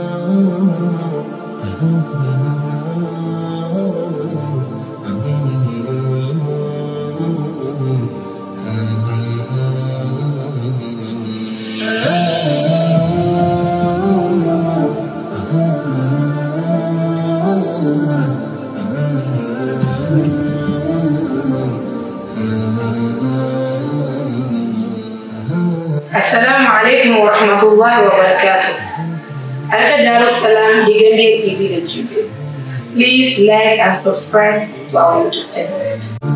Oh, like and subscribe to our YouTube channel.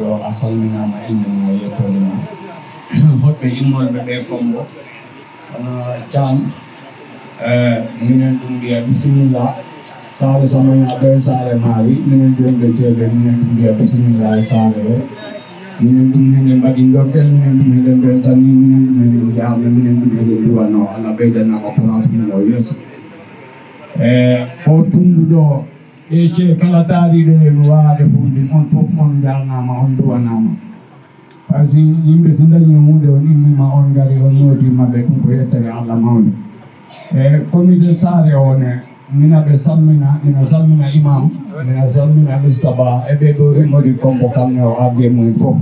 ɗo a salminama inde ma yettode ma hoɗɓe immorɓe ɓe kombo kono can minen ɗum mbiya bisimilla saare samaya ɗo e saare maawi minen jonde ceeɓe minen ɗum mbiya bisimilla e saare o minen ɗum hende mbaɗi dokkel minen ɗum hende beltani minen ɗum hende jahme minen ɗum hende ece kala taariɗo e mi waade fulde on fof on jalnama on duwanama par ce que yimɓe so dañi hunde on immima on gari on nootimaɓe ɗum ko yettere allah mawde e comité saare one mina ɓe sammina ina sammina imam ina sammina mistaba e ɓe ɗo e modi konko kamne o arde mumen fof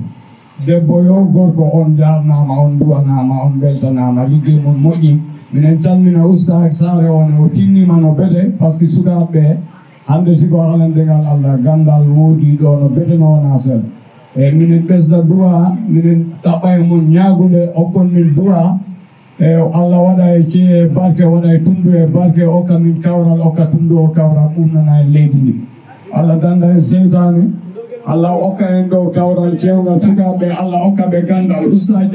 debbo yo gorko on jarnama on duwanama on beltanama liggey mum moƴƴi minen tammina usta saare one o tinnima no bete par ce que sukaɓe hande siko dengal allah gandal woodi do no bete na sel e minen ɓesda duwa minen ɗaɓɓa e mon ñaagude okkon min dua e allah wada e ci barke wada e tundu e barke okka min kawral okka tundu o kawral um na e leydi ndi allah danda e seydani allah okka en ɗo kawral kewgal be allah okka be gandal usta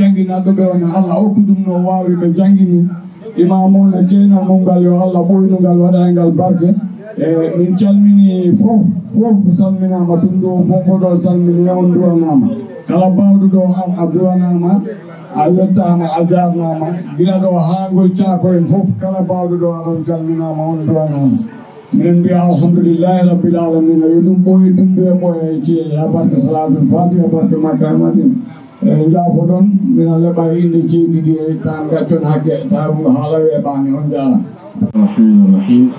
do be wona allah okku ɗum no wawi be jangini imamona keynal mum ngal yo allah ɓoynugal waɗa e ngal barke min calmini fof fof salminama tundo fof ko ɗo salmini yawon duwanama kala bawɗo ɗo a duwanama a yettama a jarnama gila ɗo ha gol cakoen fof kala bawɗo ɗo aɗon calminama on duwanama minen mbiya alhamdulillahi rabbil alamina yo ɗum ɓooyi tumbe ɓooye cee ha barke salatum fati ha barke makkar madin e eh, jafo ɗon mbina leɓa inde ceedi ɗi e eh, tan gaccon hakke eh, taw haala wee bane on jarama bismillahirrahmanirrahim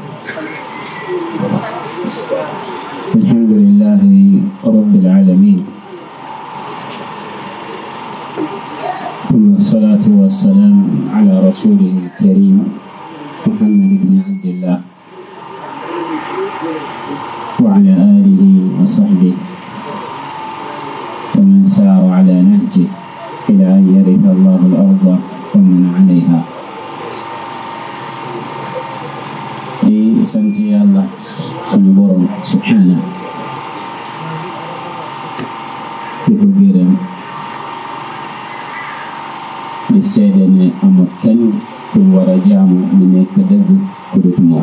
الحمد لله رب العالمين ثم الصلاة والسلام على رسوله الكريم محمد بن عبد الله وعلى آله وصحبه فمن سار على نهجه إلى أن يرث الله الأرض ومن عليها لسنتي الله سيدنا أمكن كن ورجام من كدد كردما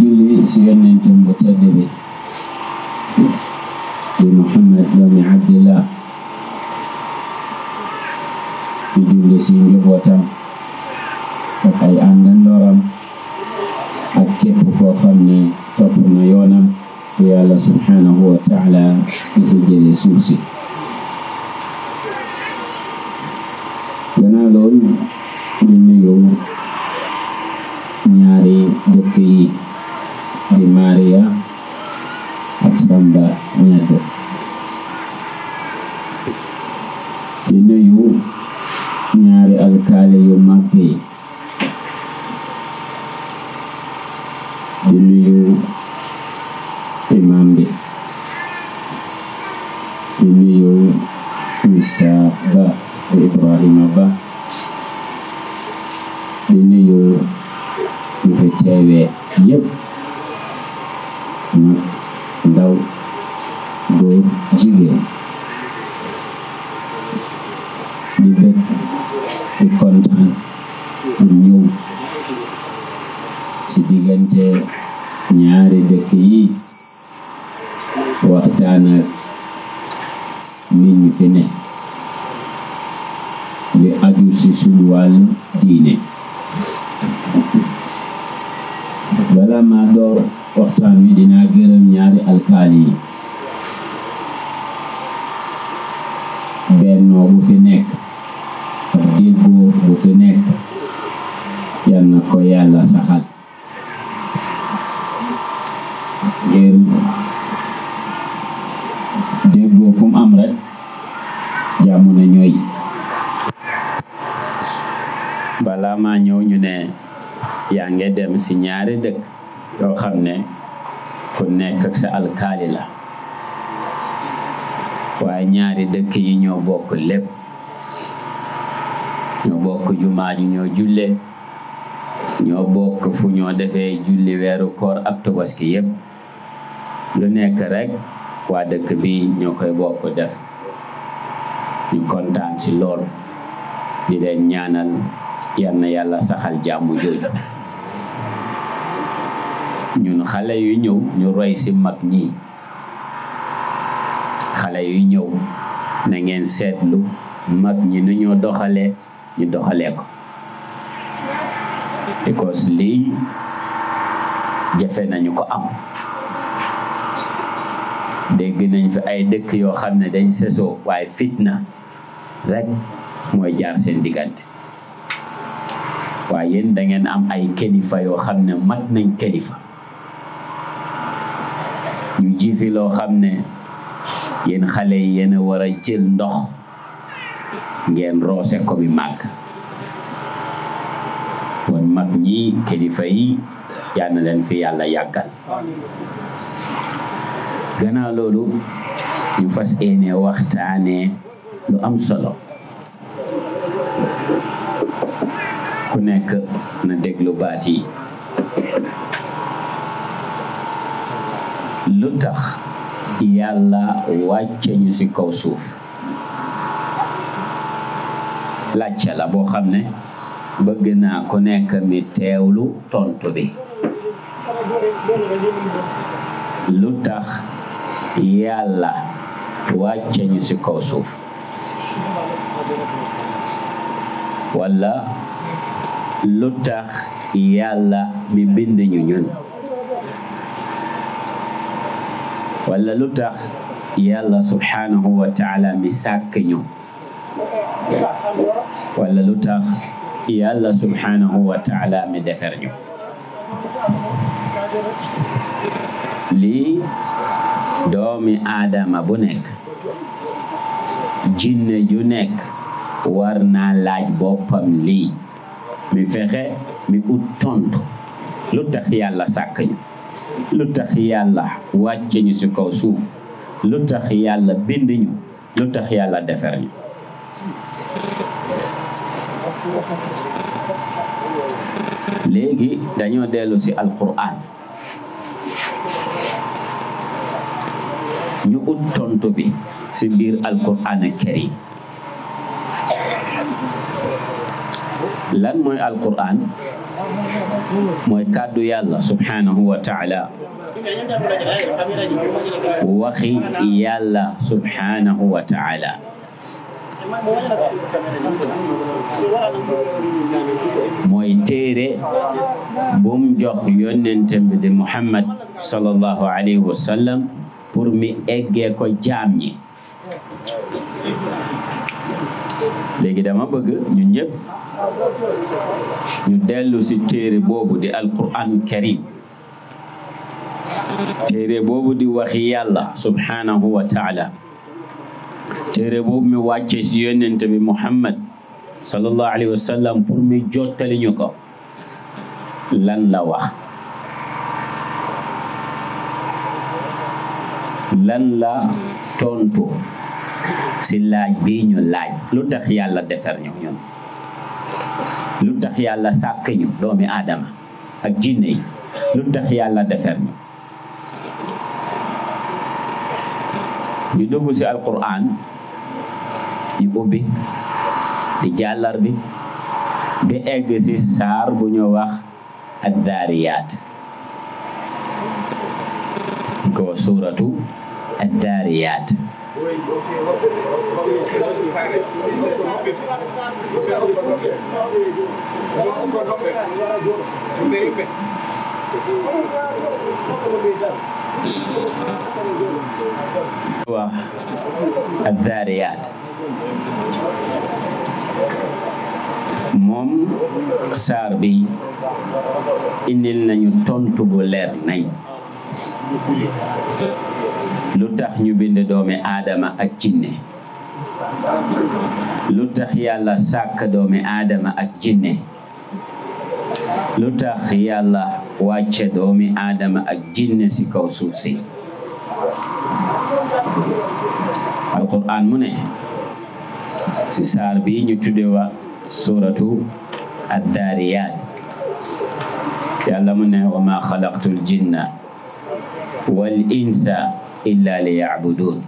جلي سيدنا أنتم بتدبي لمحمد بن عبد الله جلي سيدنا أنتم فكي أنن لرم أكيب فخمني فخمي يونم ويالله سبحانه وتعالى إذا جلي سوسي sambat menyatu ñaari dëkk yi waxtaan ak nit ñi fi ne li aju ci suñu wàllu diine bala door waxtaan wi dinaa gërëm ñaari alkaali yi bennoo bu fi nekk ak déggoo bu fi na ko yàlla saxal si ñaari dëkk yoo xam ne ku nekk ak sa alkaali la waaye ñaari dëkk yi ñoo bokk lépp ñoo bokk jumaa ju ñoo julle ñoo bokk fu ñoo defee julli weeru koor ak tabaski yépp lu nekk rekk waa dëkk bi ñoo koy bokk def ñu kontaan si lool di leen ñaanal yal na yàlla saxal jàmm jooju ñun xale yu ñëw ñu roy si mag ñi xale yu ñëw na ngeen seetlu mag ñi nu ñoo doxalee ñu doxalee ko because lii jafe nañu ko am dégg nañ fi ay dëkk yoo xam ne dañ sesoo waaye fitna rek mooy jaar seen diggante waaye yéen da ngeen am ay kilifa yoo xam ne mat nañ kilifa ji loo xam ne yéen xale yi yéen a war jël ndox ngeen roose ko bi kon mag ñi kilifa yi yal na leen fi yàlla yàggal gannaaw loolu ñu fas yéene waxtaane lu am solo ku nekk na déglu baat yi lu tax yàlla wàcce ñu ci kaw suuf laajte la boo xam ne bëgg naa ko nekk mi teewlu tontu bi lu tax yàlla wàcce ñu ci kaw suuf walla lu tax yàlla mi bind ñu ñun wala lu tax yàlla subhanahu wa taala mi sàkk ñu wala lu tax yàlla subhanahu wa taala mi defar ñu lii doomi aadama bu nekk jinne ju nekk war naa laaj boppam lii mi fexe mi ut tontu lu tax yàlla sàkk ñu lu tax yàlla wàcce ñu ci kaw suuf lu tax yàlla bind ñu lu tax yàlla defar ñu léegi dañoo dellu ci alquran ñu ut tontu bi ci biir alquran karim lan mooy alquran moy kàddu yàlla subhanahu wa taala waxi yàlla subhanahu wa taala mooy téere bum jox yonentam bi di Muhammad sallallahu alayhi wa sallam pour mi eggee ko jaam ñi légui dama bëgg ñun ñëpp ñu dellu ci téré bobu di alquran karim téré bobu di wax yàlla subhanahu wa taala téré bobu mi wàcce ci yonent bi muhammad sallallahu alayhi wa sallam pour mi jotali ñuko lan la wax lan la tonto si laaj bi ñu laaj lu tax yàlla defar ñu ñun lu tax yàlla sàkk doomi aadama ak jinne yi lu tax yàlla defar ñu ñu dugg si alquran ñu ubbi di jàllar bi di egg saar bu ñu wax addaariyaat ko suuratu addaariyaat Addaariyaat moom saar bi indil nañu tontu bu leer nañ lu tax ñu bind doomi aadama ak jinne yàlla sàkk doomi aadama ak jinne lu tax yàlla wàcce doomi aadama ak jinne si kaw suuf si alquran mu ne si saar bi ñu tudde wa suratu addaariyaat yàlla mu ne wa ma xalaqtul jinna wal insa illa li yacbuduun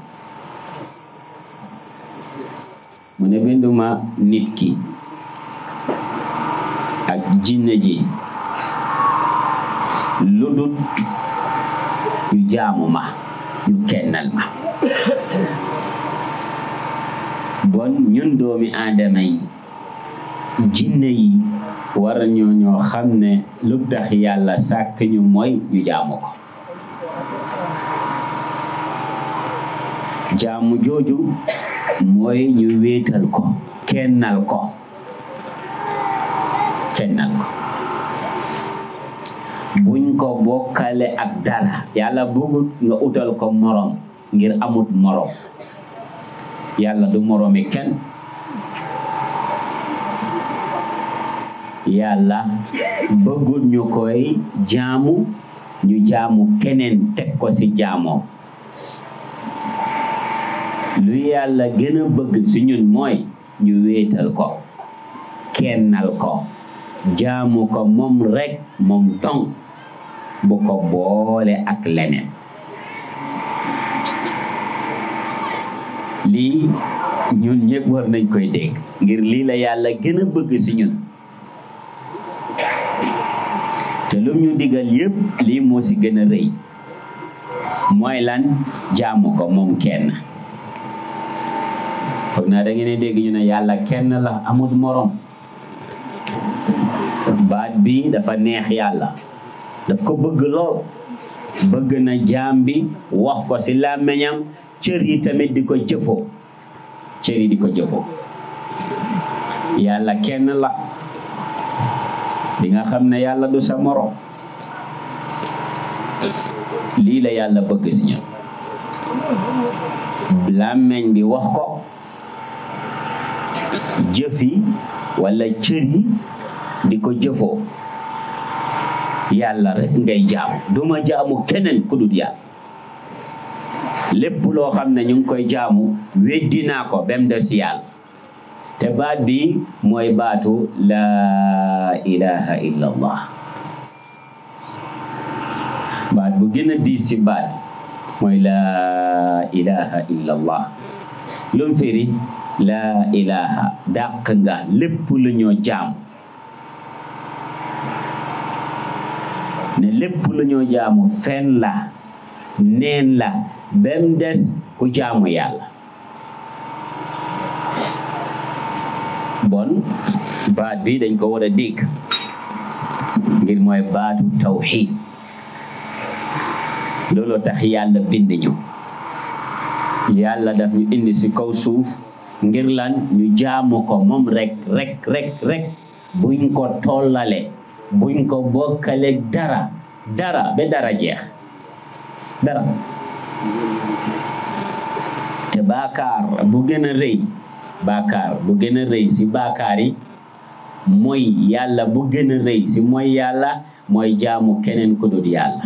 ne binduma nit ki ak jinne ji lu dut ñu jaamu ma ñu kennal ma bon ñun doomi aadama yi jinne yi war ñoo ñoo xam ne lu yàlla sàkk ñu mooy ñu jaamu jaamu jooju mooy ñu wéetal ko kennal ko kennal ko buñ ko bokkale ak dara yàlla bëggut nga utal ko morom ngir amut morom yàlla du moromi kenn yàlla bëggut ñu koy jaamu ñu jaamu keneen teg ko ci jaamoo lu yàlla gën a bëgg si ñun mooy ñu wéetal ko kennal ko jaamu ko moom rek moom dong bu ko boole ak leneen lii ñun ñëpp war nañ koy dégg ngir lii la yàlla gën a bëgg si ñun te lu ñu digal yëpp lii moo si gën a rëy mooy lan jaamu ko moom kenn foog naa da ngeen dégg ñu ne yàlla kenn la amul morom baat bi dafa neex yàlla daf ko bëgg lool bëgg na jaam bi wax ko ci làmmiñam cër yi tamit di ko jëfoo cër yi di ko jëfoo yàlla kenn la di nga xam ne yàlla du sa morom lii la yàlla bëgg ci ñoom làmmiñ bi wax ko jëf yi wala cër di ko jëfoo yàlla rek ngay jaamu duma jaamu keneen ku dul lépp loo xam ne ñu ngi koy jaamu weddi ko bem de si te baat bi mooy baatu laa ilaha illa baat bu gën a diis si baat mooy laa ilaha illa allah lu laa ilaha dàq lépp lu ñoo ne lépp lu jaamu fen la neen la bem des ku jaamu yàlla bon baat bi dañ ko war a dégg ngir mooy baatu tawxiid looloo tax yàlla bind ñu yàlla daf indi si kaw suuf ngir lan ñu jaamu ko moom rekk rek rek rek buñ ko tollale buñ ko bokkale dara dara ba dara jeex dara te baakaar bu gën rëy baakaar bu gën a rëy si baakaar yi mooy yàlla bu gën a si mooy yàlla mooy jaamu keneen ku dul yàlla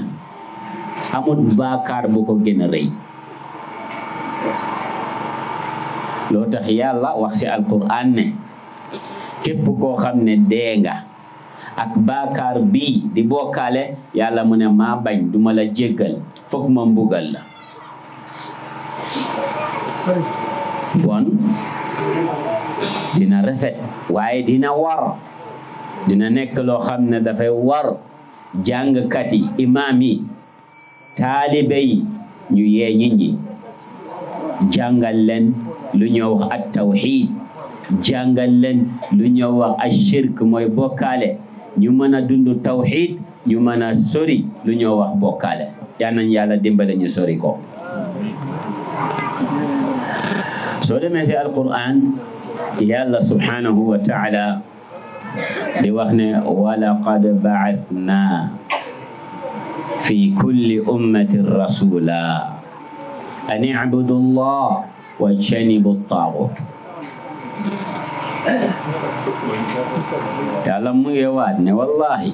amul baakaar bu ko gën rëy loo tax yàlla wax ci alquran ne képp koo xam ne dee nga ak baakar bii di bokkaale yàlla mu ne maa bañ duma la jéggal foog ma mbugal la bon dina rafet waaye dina war dina nekk loo xam ne dafay war jàngkat yi imaam yi taalibe ñu yee nit jàngal leen lu ñoo wax at tawxid jàngal leen lu ñoo wax a shirk mooy bokkaale ñu mën a dund tawxid ñu mën a sori lu ñoo wax bokkaale yal nañ yàlla dimbale ñu sori ko soo demee si alquran yàlla subhanahu wa taala di wax ne walaqad ba'athna fi kulli ummatin rasula an i'budu allah wajtanibu taaxut yàlla mu ngi ne wallahi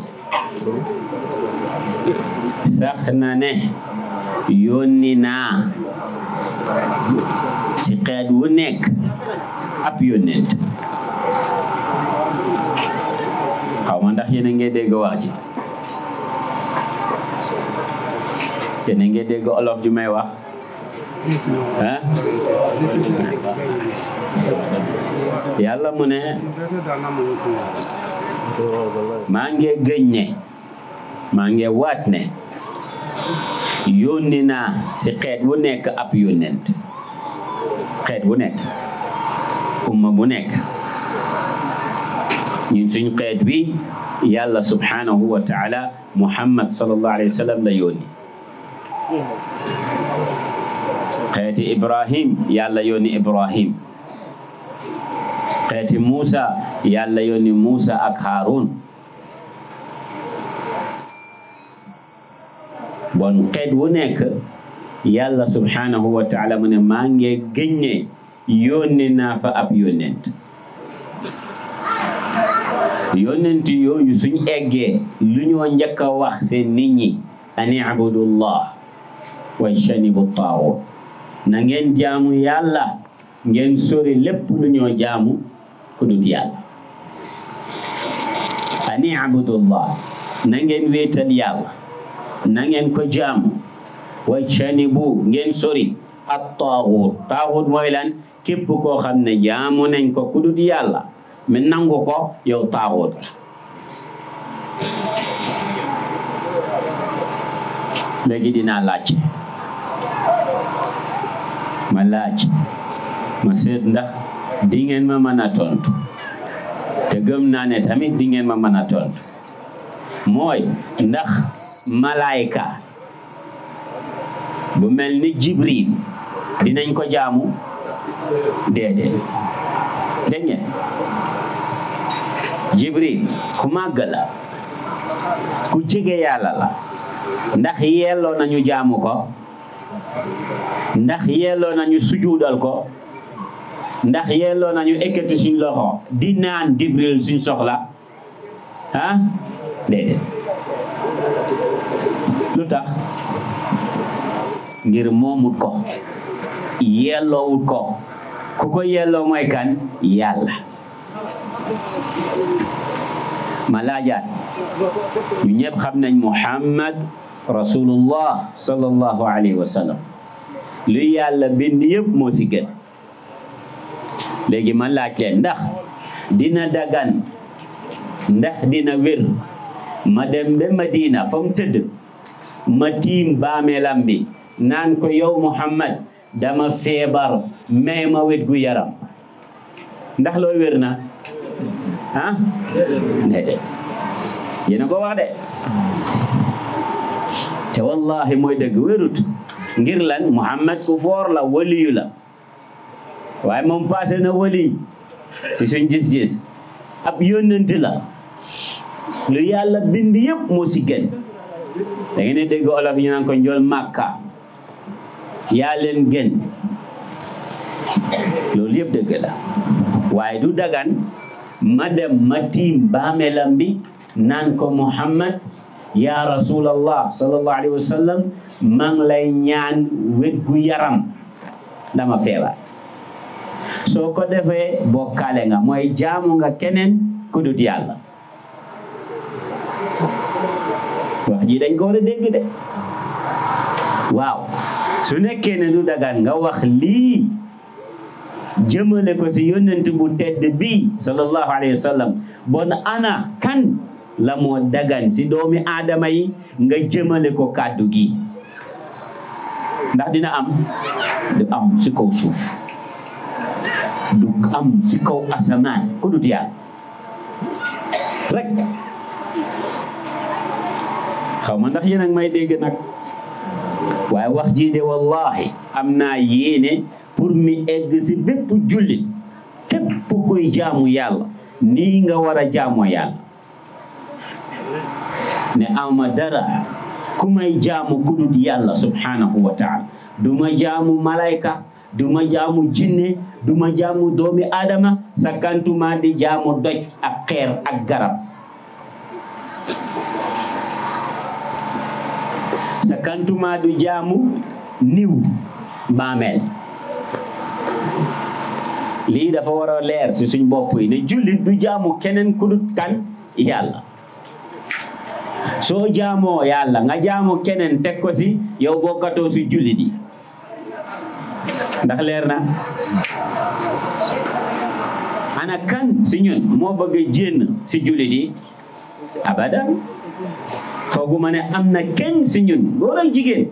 sax na ne yónni naa ci xeet wu nekk ab yónnent xaw ma ndax yéen a ngi dégg wax ji yéen a ngi ju may wax ah yàlla mu ne maa ngi gëñ ne maa ngi waat ne yónni naa si xeet wu nekk ab yónnent xeet bu nekk umma bu nekk ñun suñ xeet bi yàlla subhanahu wa taala muhammad sallallahu alayhi wa sallam la yónni xeeti ibrahim yàlla yónni ibrahim xeeti muusa yàlla yónni muusa ak harun bon xeet wu nekk yàlla subhanahu wa taala mu ne maa ngi gëñ ne yónni naa fa ab yónnent yónnent yooyu suñ eggee lu ñoo njëkk a wax seen nit ñi an ibudu llah wajtanibu taaxut nangeen ngeen jaamu yàlla ngeen sori lépp lu ñoo jaamu ku dut yàlla abudullah na ngeen wéetal yàlla na ngeen ko jaamu wa janibu ngeen sori ak taaxut taaxut mooy lan képp koo xam ne jaamu nañ ko ku dut mi nangu ko yow taaxut ka léegi dinaa ma laaj ma seet ndax di ma mën a tontu te gëm naa ne tamit di ngeen ma mën a tontu mooy ndax malayka bu mel ni jibril dinañ ko jaamu déedéet dégg ngeen jibril ku màgg la ku jege yàlla la ndax yelloo nañu jaamu ko ndax yelloo nañu sujuudal ko ndax yelloo nañu ekkati suñ loxo di naan Jibril suñ soxla ah déedéet lu tax ngir moomut ko yelloowut ko ku ko yelloo moy kan yàlla ma ñu ñëpp xam nañ Muhammad rasulullah sallallahu alayhi wa sallam lu yàlla bind yëpp moo si gën léegi man laaj leen ndax dina dagan ndax dina wér ma dem ba Madina fa mu tëdd ma tiim baameelam bi naan ko yow Muhammad dama feebar may ma wét gu yaram ndax loolu wér na ah déedéet yéena ko wax de te wallahi moy deug werut ngir lan muhammad ku for la waliyu la waye mom passé na wali ci suñ gis gis ab yonenti la lu yalla bind yep mo ci gën da ngay deug olaf ñu nan ko ndol makka ya len gën lool yep deug la waye du dagan madem matim bamelambi nan ko muhammad ya rasulullah sallallahu alaihi wasallam mang lay ñaan wet gu yaram dama febar so ko defé bokalé nga moy jaamu nga kenen ku dut yalla wax ji dañ ko wara dégg dé waaw su nekké né lu dagan nga wax li jëmele ko ci yonent bu tedd bi sallallahu alaihi wasallam bon ana kan la moo dagan si doomi aadama yi nga jëmale ko kàddu gi ndax dina am am si kaw suuf du am si kaw asamaan ku dut yàlla rek xaw ma ndax yéen a ngi may dégg nag waaye wax jii wallahi am naa yéene pour mi egg si bépp jullit képp kuy jaamu yàlla nii nga war a jaamoo yàlla ne awma dara ku may jaamu ku dul yàlla subhanahu wa du ma jaamu malayka duma ma jaamu jinne du jaamu doomi aadama sakkantuma di jaamu doj ak xeer ak garab sakkantuma du jaamu niw baameel lii dafa war a leer si suñ bopp yi ne jullit du jaamu keneen ku kan yàlla soo jaamoo yàlla nga jaamu keneen teg ko si yow bokkatoo si jullit yi ndax leer na ana si ñun moo bëgg a jénn si jullit yi abadan fooguma ne am na kenn si ñun góor ak jigéen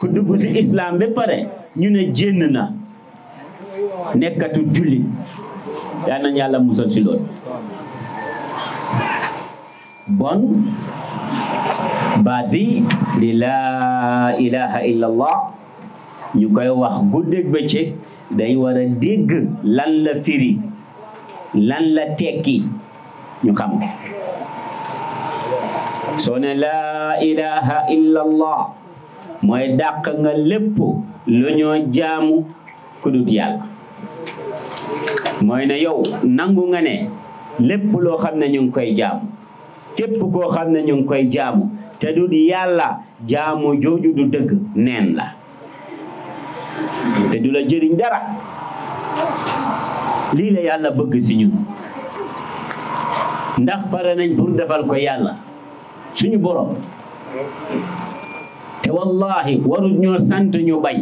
ku dugg si islam ba pare ñu ne jénn na nekkatu jullit yal nañ yàlla musal si loolu bon baat bi di laa ilaha illallah ñu koy wax guddeeg bëccëg day war a dégg la firi lan la tekki ñu xam soo ne laa ilaha illallah mooy dàq nga lépp lu ñoo jaamu kudut yàlla mooy ne yow nangu nga ne lépp loo xam ne ñu ngi koy jaamu képp ko xam ne ñu ngi koy jaamu te du yàlla jaamu jooju du dëgg neen la te du la jëriñ dara lii la yàlla bëgg si ñun ndax pare nañ pour defal ko yàlla suñu borom te wallahi warut ñoo sant ñu bañ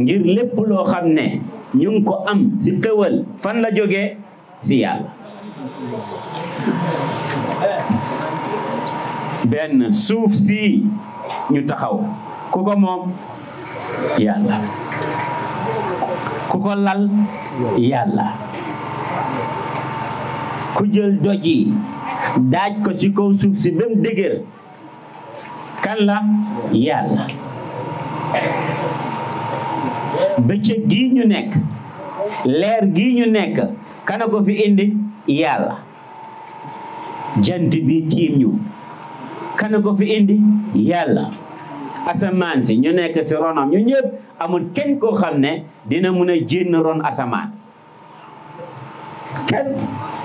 ngir lépp loo xam ne ñu ko am si xéwal fan la jógee si yàlla benn suuf si ñu taxaw ku ko moom yàlla ku ko lal yàlla ku jël doj daaj ko ci kaw suuf si ba mu dëgër kan la yàlla bëccëg gi ñu nekk leer gi ñu nekk kana ko fi indi yàlla jant bi tiim ñu kan ko fi indi yàlla asamaan si ñu nekk si ronam ñu ñëpp amul kenn koo xam ne dina mun a jénn ron asamaan kenn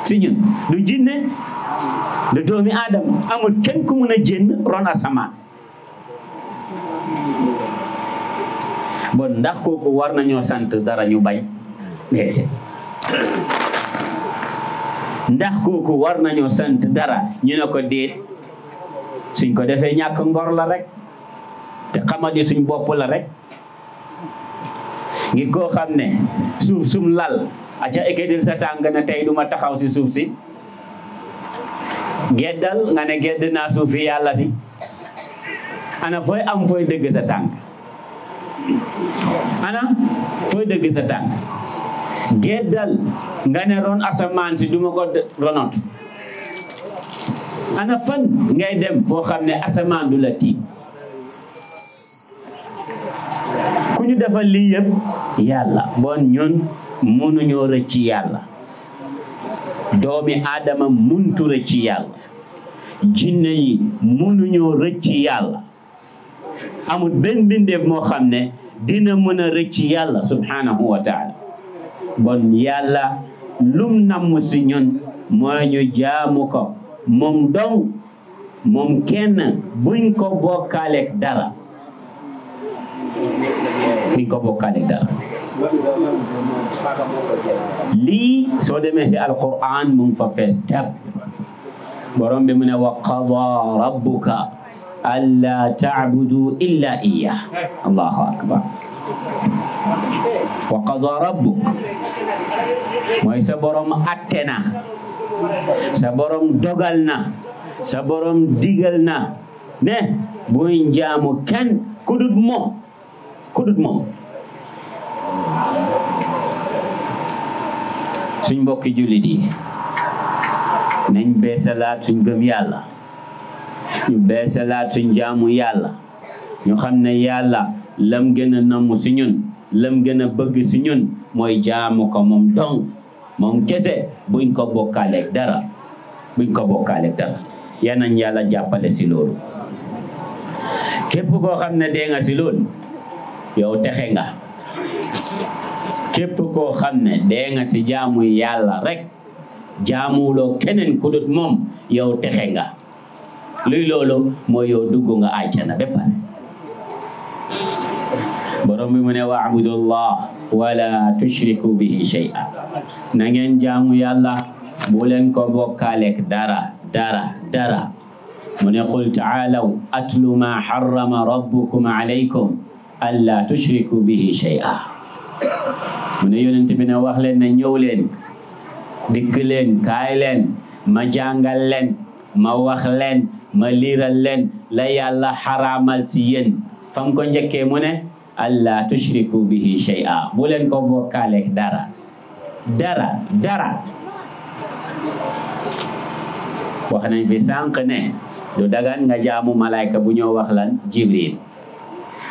si ñun du jinne du doomi aadama amul kenn ku mun a jénn ron asamaan bon ndax kooku war nañoo sant dara ñu bañ ndax kooku war nañu sant dara ñu ne ko déet suñ ko defee ñàkk ngor la rek te xamadi suñ bopp la rek ngir koo xam suuf sum lal aca ekedil sa tàng na tey du ma taxaw si suuf si geddal nga ne gedd naa suuf fi yàlla ya si ana foy am foy dëgg sa tàng ana foy dëgg sa tàng geddal nga ne ron asamaan si duma ko ronot ana fan ngay dem foo xam ne asamaan du la tiim ku ñu defal lii yëpp yàlla bon ñun mënuñoo rëcc yàlla doomi aadama muntu rëcc yàlla jinne yi mënuñoo rëcc yàlla amul benn mbindeef moo xam ne dina mën a rëcc yàlla subhanahu wa bon yàlla lum nam si ñun mooy ñu jaamu ko mom dong mom kenn buñ ko bokale dara ni ko bokale dara li so deme ci alquran mum fa fess tab borom bi mune wa qadha rabbuka alla ta'budu illa iyyah allahu akbar wa qada rabbuk mooy sa boroom atte na sa borom dogal na sa boroom digal na ne buy njaamu kenn kudut moom kudut moom suñ mbokki jullit yi nañ beesalaat suñ gëm yàlla ñu beesalaat suñ jaamu yàlla ñu xam ne yàlla lam gën a namm si ñun lam gën a bëgg si ñun mooy jaamu ko moom dong moom kese buñ ko bokkaaleeg dara buñ ko bokkaaleeg dara yal nañ yàlla jàppale si loolu képp koo xam ne dee nga si loolu yow texe nga képp koo xam ne dee nga si jaamu yàlla rek jaamuloo keneen ku dut moom yow texe nga luy loolu mooy yow dugg nga àjjana ba borom bi mu ne waabudullah wala tushriku bihi shay'a na ngeen jaamu yàlla bu leen ko bokkaaleek dara dara dara mu ne qul taalaw atlu ma harrama rabbukum alaykum alla tushriku bihi shay'a mu ne yonent bi ne wax leen ne ñëw leen dikk leen kaay leen ma jàngal leen ma wax leen ma liiral leen la yàlla xaraamal ci yéen fam ko njëkkee mu ne alla tushriku bihi syai'a bulan kau vokalek darah darah darah wa hanay bi sanqne do dagan nga jamu malaika bu ñoo wax lan jibril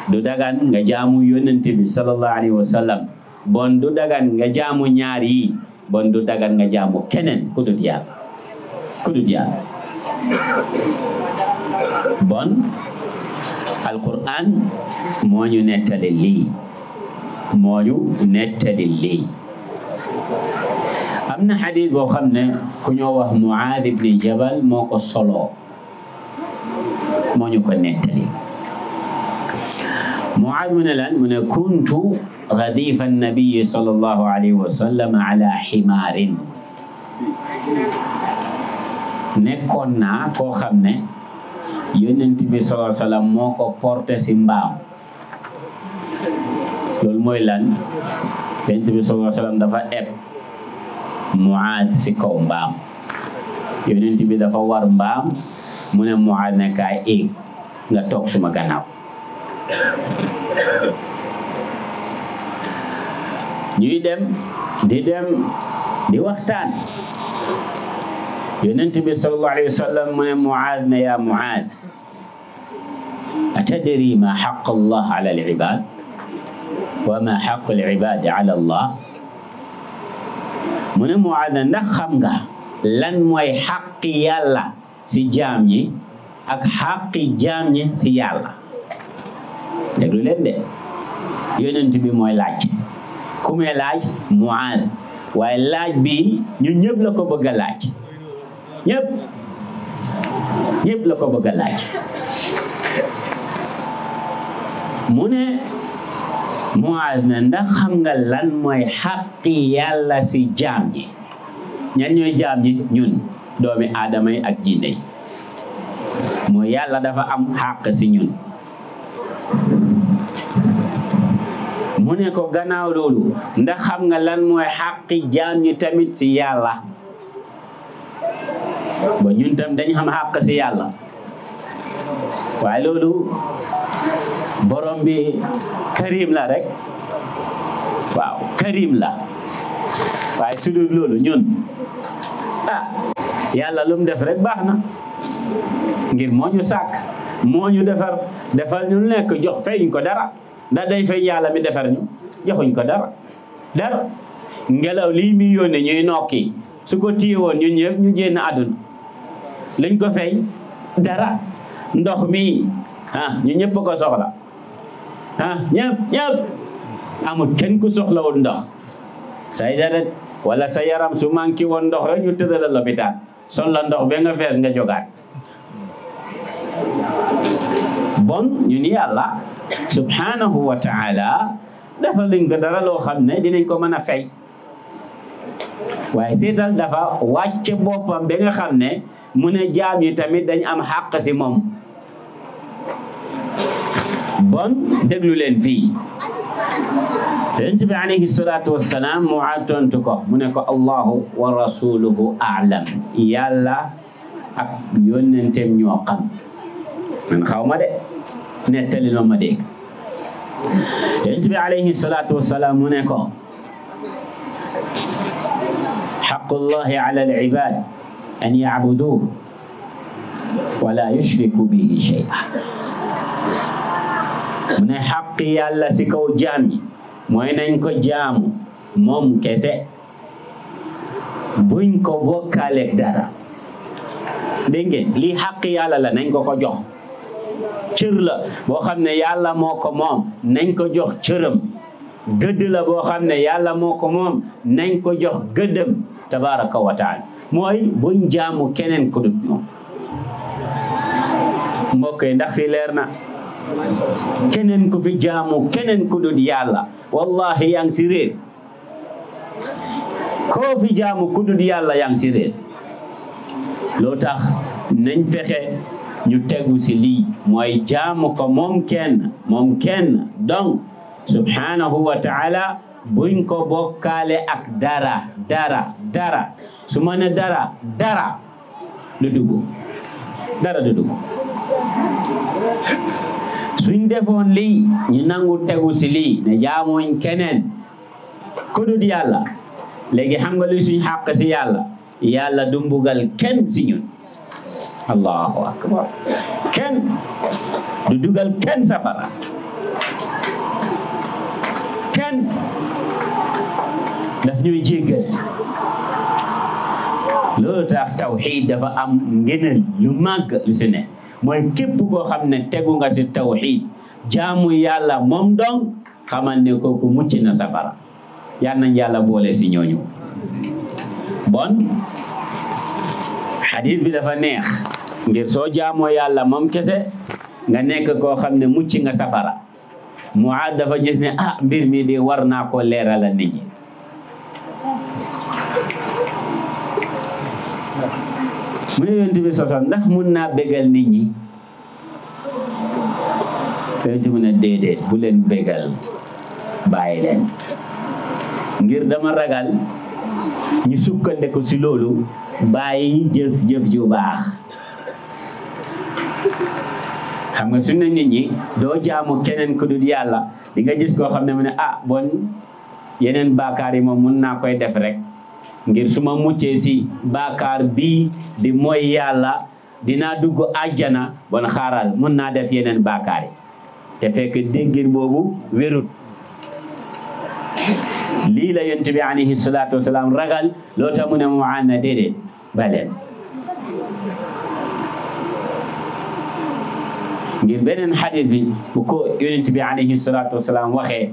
do dagan nga jamu yonnati bi sallallahu alaihi wasallam bon do dagan nga jamu ñaar yi bon do dagan nga jamu kenen ku dut yalla ku dut yalla bon alquran moo ñu nettali lii moo ñu nettali lii am na xadis boo xam ne ku ñoo wax Muaad ibni Jabal moo ko soloo moo ñu ko nettali Muaad mu ne lan mu ne kuntu radifa annabiyi sallallahu alayhi wa sallam ala ximaarin nekkoon naa koo xam ne yonent bi sallallahu alayhi moo ko porté si mbaam loolu mooy lan yonent bi sallallahu alayhi wa sallam dafa eb muaad si kaw mbaam yonent bi dafa war mbaam mu ne muaad ne kaay éeg nga toog suma gannaaw ñuy dem di dem di waxtaan ينتبه صلى الله عليه وسلم من معاذ ما يا معاذ أتدري ما حق الله على العباد وما حق العباد على الله من معاذ نخمغا لن موي حق يالا سي جامي اك حق جامي سي يالا دغلو لين دي يوننتي موي لاج كومي لاج معاذ واي بي ني نيب لاكو ñëpp ñëpp la ko bëgg a laaj mu ne Muaaz ne ndax xam nga lan mooy xaqi yàlla si jaam ñi ñan ñooy jaam ñi ñun doomi aadama yi ak jinne yi mooy yàlla dafa am xaq si ñun mu ne ko gannaaw loolu ndax xam nga lan mooy xaqi jaam ñi tamit si yàlla ba ñun tam dañ xam xàq si yàlla waaye loolu borom bi karim rek waaw karim la waaye su dul loolu ñun ah yàlla lu mu def rek baax na ngir moo ñu sàkk moo ñu defar defar ñu nekk jox feyuñ ko dara ndax day fay yàlla mi defar ñu joxuñ ko dara dara ngelaw lii mi yónnee ñuy nokki su ko téye woon ñu génn àdduna luñ ko fay dara ndox mi ah ñu ñëpp ko soxla ah ñëpp ñëpp amul kenn ku soxlawul ndox say deret wala sa yaram su manqué woon ndox rek ñu tëral la lopitaan sol la ndox ba nga fees nga jogaat bon ñu ni yàlla subhanahu wa taala dafa luñ ko dara loo xam ne dinañ ko mën a fay waaye dafa wàcce boppam ba xam ne mune jam yi tamit dañ am xàq ci mom bon déglu len fi yonent alayhi salatu wassalam mu'atun tuko mune ko allah wa rasuluhu a'lam yàlla ak yonentem ño xam man xawma de netali no ma dégg yonent alayhi salatu wassalam mune ko حق الله على العباد an ya'buduhu wa laa yushriku bihi shay'an mu ne xaq yàlla si kaw jaam yi mooy nañ ko jaamu moom kese buñ ko bokkaaleeg dara dégg ngeen lii xaq yàlla la nañ ko ko jox cër la boo xam ne yàlla moo ko moom nañ ko jox cëram gëdd la boo xam ne yàlla moo ko moom nañ ko jox gëddam tabaraka wa taala mooy buñ jaamu keneen ku dut moom mbokk yi ndax fi leer na keneen ku fi jaamu keneen ku dut yàlla wallahi yaa si réer koo fi jaamu ku dut yàlla yaa si réer loo tax nañ fexe ñu tegu si lii mooy jaamu ko moom kenn moom kenn donc subhanahu wa taala buñ ko bokkaale ak dara dara dara su ma dara dara du dugg dara du dugg suñ defoon lii ñi nangu tegu si lii ne jaamuñ keneen ku dul yàlla léegi xam nga luy suñ xàq si yàlla yàlla du kenn si ñun allahu akbar kenn du dugal kenn safara kenn daf ñuy jéggal loolu tax tawxiid dafa am ngëneel lu màgg lu si mooy képp koo xam ne tegu nga si tawxiid jaamu yàlla moom dong xamal ne kooku mucc na safara yal nañ yàlla boole si ñooñu bon xadiis bi dafa neex ngir soo jaamoo yàlla moom kese nga nekk koo xam ne mucc nga safara mu dafa gis ne ah mbir mi de war naa ko leeralal nit ñi mu ne yonent bi ndax mun naa bégal nit ñi yonent bi ne déedéet bu leen bégal bàyyi leen ngir dama ragal ñu sukkandiku si loolu bàyyi jëf jëf ju baax xam nga suñ ne nit ñi doo jaamu keneen ku dul yàlla di nga gis koo xam ne mu ne ah bon yeneen baakaar yi moom mun naa koy def rek ngir suma ma si baakaar bii di mooy yàlla dinaa dugg àjjana bon xaaral mën naa def yeneen baakaar te fekk déggin boobu wérut lii la yonent bi alayhi salaatu wasalaam ragal loo tax mu ne mu ànna ngir beneen xadis bi bu ko yonent bi salaatu wasalaam waxee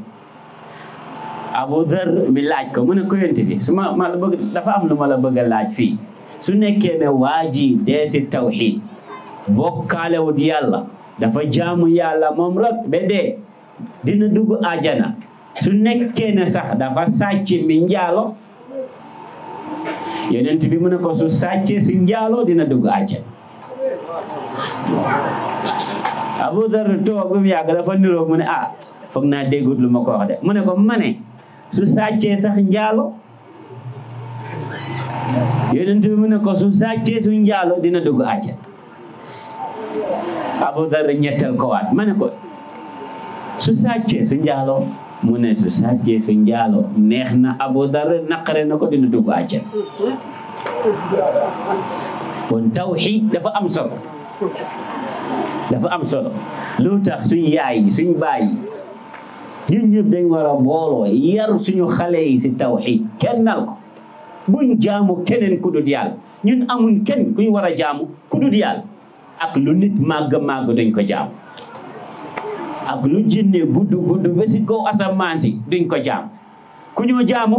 Abu Dhar mi laaj ko mu ne ko yonent bi su ma ma la dafa am lu ma bëgg laaj fii su nekkee ne waa ji dee si tawxiid bokkaalewut yàlla dafa jaamu yàlla moom rek ba dee dina dugg ajana su nekkee ne sax dafa sàcc mi njaalo yonent bi mu ne ko su sàccee si njaalo dina dugg ajana Abu Dhar toog bi mu yàgg dafa niroog mu ne ah foog naa déggut lu ma ko de mu ne ko ma ne su sàccee sax njaalo yonent bi mu ne ko su sàccee su njaalo dina dugg àjjana Abu Dar ñettal ko waat ma ne ko su sàccee su njaalo mu ne su sàccee su njaalo neex na Abu Dar naqare na ko dina dugg àjjana kon tawxiid dafa am solo dafa am solo lu tax suñ yaay suñ baay ñun ñëpp dañ booloo yar suñu xale yi si tawxiid kennal ko buñ jaamu keneen ku dul yàlla ñu amuñ kenn kuñ war a jaamu ku dul yàlla ak lu nit màgg màgg duñ ko jaamu ak lu jinne gudd gudd ba si kaw asamaan si duñ ko jaamu ku ñoo jaamu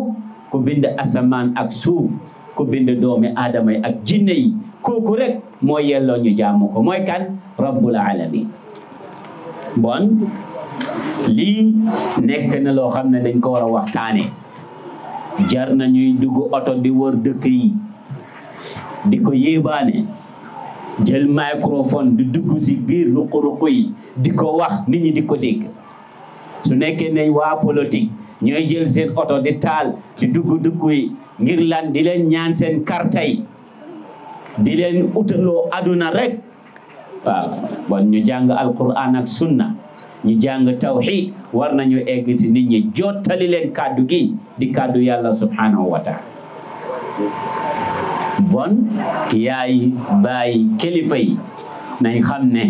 ku bind asamaan ak suuf ku bind doomi aadama yi ak jinne yi kooku rek moo yelloo ñu jaamu ko mooy kan rabbul alamin bon li nek na lo xamne dañ ko wara waxtane jar na ñuy dugg auto di wër dëkk yi diko yébané jël microphone di dugg ci biir lu ko ruku yi diko wax nit ñi diko dégg su nekké né wa politique ñoy jël seen auto di taal di dugg dugg yi ngir lan di leen ñaan seen carte yi di leen utalo aduna rek waaw bon ñu jàng alquran ak sunnah ñu jàng tawhid war nañu egg ci ñi jottali leen kàddu gi di kàddu yàlla subhanahu wa taala bon yaay baay kilifa nay xam ne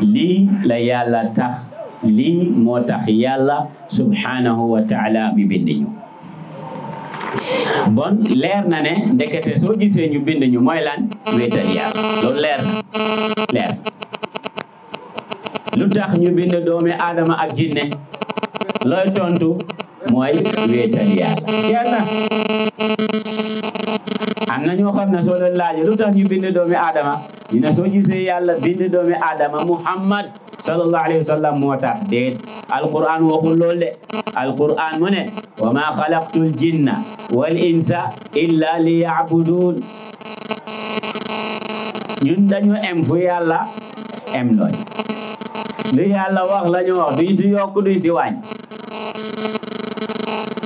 lii la yàlla tax lii moo tax yàlla subhanahu wa mi bind ñu bon leer na ne ndekete soo gisee ñu ñu mooy lan wéetal yàlla loolu leer na leer lu ñu bind doomi aadama ak jinne looy tontu mooy wéetal yàlla yàlla am na ñoo xam ne soo leen ñu bind doomi aadama ñu ne soo gisee yàlla bind doomi aadama muhammad sallallahu alayhi wa sallam moo tax déet alquran waxul loolu de alquran mu ne wa ma xalaqtul jinna wal insa illa li yabudun ñun em fu yàlla em looy li yàlla wax la ñu wax duñ si yokk duñ si wàññ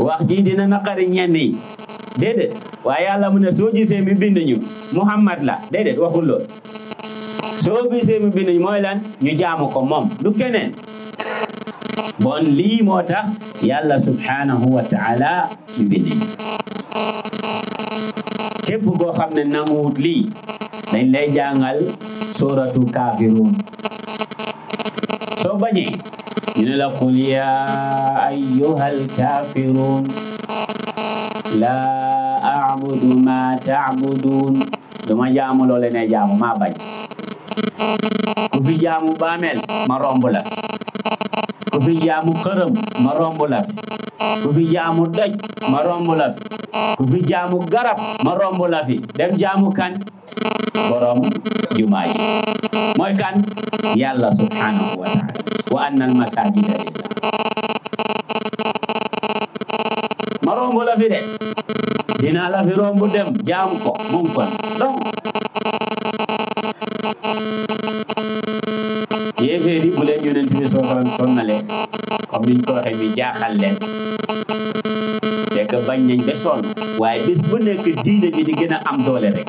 wax ji dina naqari ñenn yi déedéet waaye yàlla mu ne soo gisee mi bind Muhammad la déedéet waxul lool soo gisee mi bind ñu ñu jaamu ko moom du keneen bon lii moo tax yàlla subhanahu wa taala mi bind ñu képp xam ne nanguwut lii dañ lay jàngal suratu kafirun soo bañee ñu ne la qul yaa ayyuhal kaafiruun laa a'budu maa ta'buduun duma jaamu loo leen ne jaamu maa bañ kubiyamu bamel marombula kubiyamu kerem marombula kubiyamu dej marombula kubiyamu garap marombula fi dem jamu kan borom jumaay moy kan yalla ya subhanahu wa ta'ala wa anna al masajida ma romb la fi de dinaa la fi romb dem jaam ko mu ngi fan donc yéeféer leen yonent bi soxoon sonnalee comme niñ ko waxee mi jaaxal leen fekk bañ nañ ba sonn waaye bis bu nekk diine ji di gën a am doole rek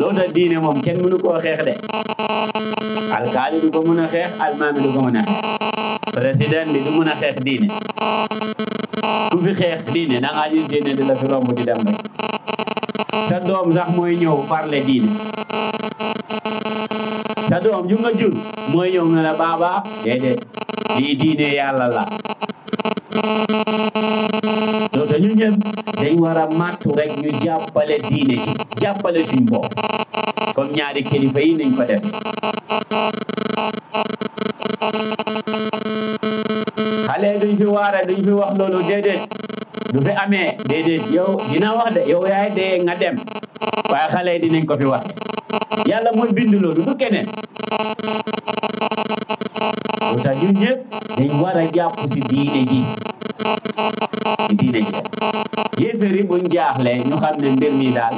loolu tax diine moom kenn mënu koo de alkaali du ko mën a xeex almaami du ko mën a xeex président bi du a xeex diine ku fi xeex diine nangaajin diine di la fi romb di sa doom sax mooy ñëw parle diine sa doom ju nga jur mooy ñëw na la baaba déedéet lii diine yàlla la donc ñun ñëpp dañ war a màttu rek ñu jàppale diine ci jàppale suñ bopp comme ñaari kilifa yi nañ ko def xale duñ fi waare duñ fi wax loolu déedéet du fi amee déedéet yow dina wax de yow yaay dee nga dem waaye xale dinañ ko fi wax yàlla mooy bind loolu du keneen moo tax ñun ñëpp dañu war a jàpp ci diine ji ci diine ji yéeféer yi buñ jaaxle ñu xam ne mbir mi daal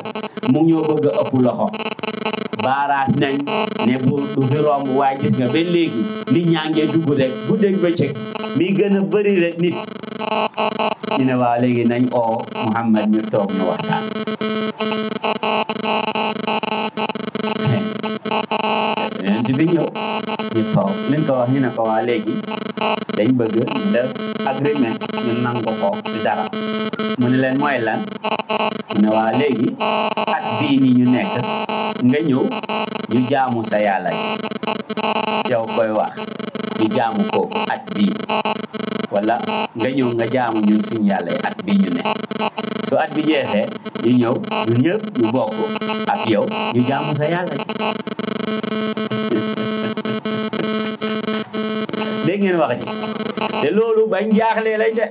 mu ñoo bëgg a ëpp baaraas nañ ne bu du fi romb waaye nga ba léegi nit ñaa dugg rek bu dégg bëccëg mi gën a bëri rek nit ñu ne waaw léegi nañ oo Muhammad ñu toog ñu waxtaan yonent bi ñëw ñu toog liñ ko wax ñu ne ko waa léegi dañ bëgg def agreement ñu nangu ko ci dara mu ne leen mooy lan mu waa léegi at bii ni ñu nekk nga ñëw ñu jaamu sa yàlla yow koy wax ñu jaamu ko at bii wala nga ñëw nga jaamu ñun suñu yàlla yi at bii ñu ne su at bi jeexee ñu ñëw ñun ñëpp ñu bokk ak yow ñu jaamu sa yàlla dégg ngeen wax ji te loolu bañ jaaxlee lañ de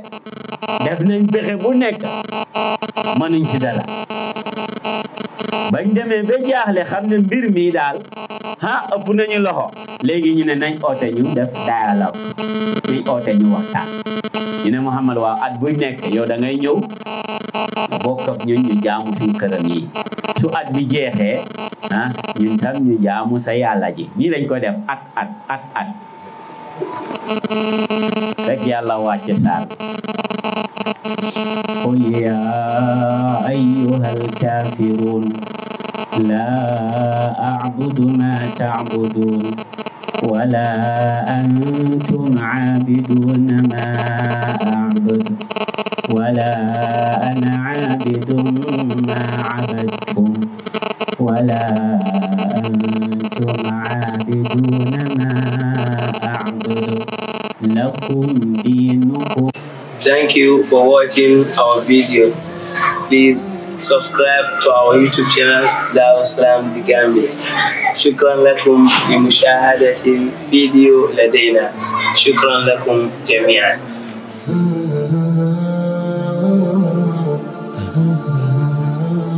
def nañ pexe bu nekk mënuñ si dara bañ demee ba jaaxle xam ne mbir mi daal ah ëpp nañu loxo léegi ñu ne nañ oote ñu def dialogue nañ oote ñu waxtaan ñu ne Mouhamed waaw at buy nekk yow dangay ngay ñëw bokk ak ñun ñu jaamu suñu këram yi su at bi jeexee ah ñun tam ñu jaamu sa yàlla ji nii lañ ko def at at at at rek yalla wacc sar qul ya ayyuhal kafirun la a'budu ma ولا أنتم عابدون ما أعبد ولا أنا عابد ما عبدتم ولا أنتم عابدون ما عبد Thank you for watching our videos. Please subscribe to our YouTube channel Dar es Salaam Digambi. شكرا لكم لمشاهدة الفيديو لدينا. شكرا لكم جميعا.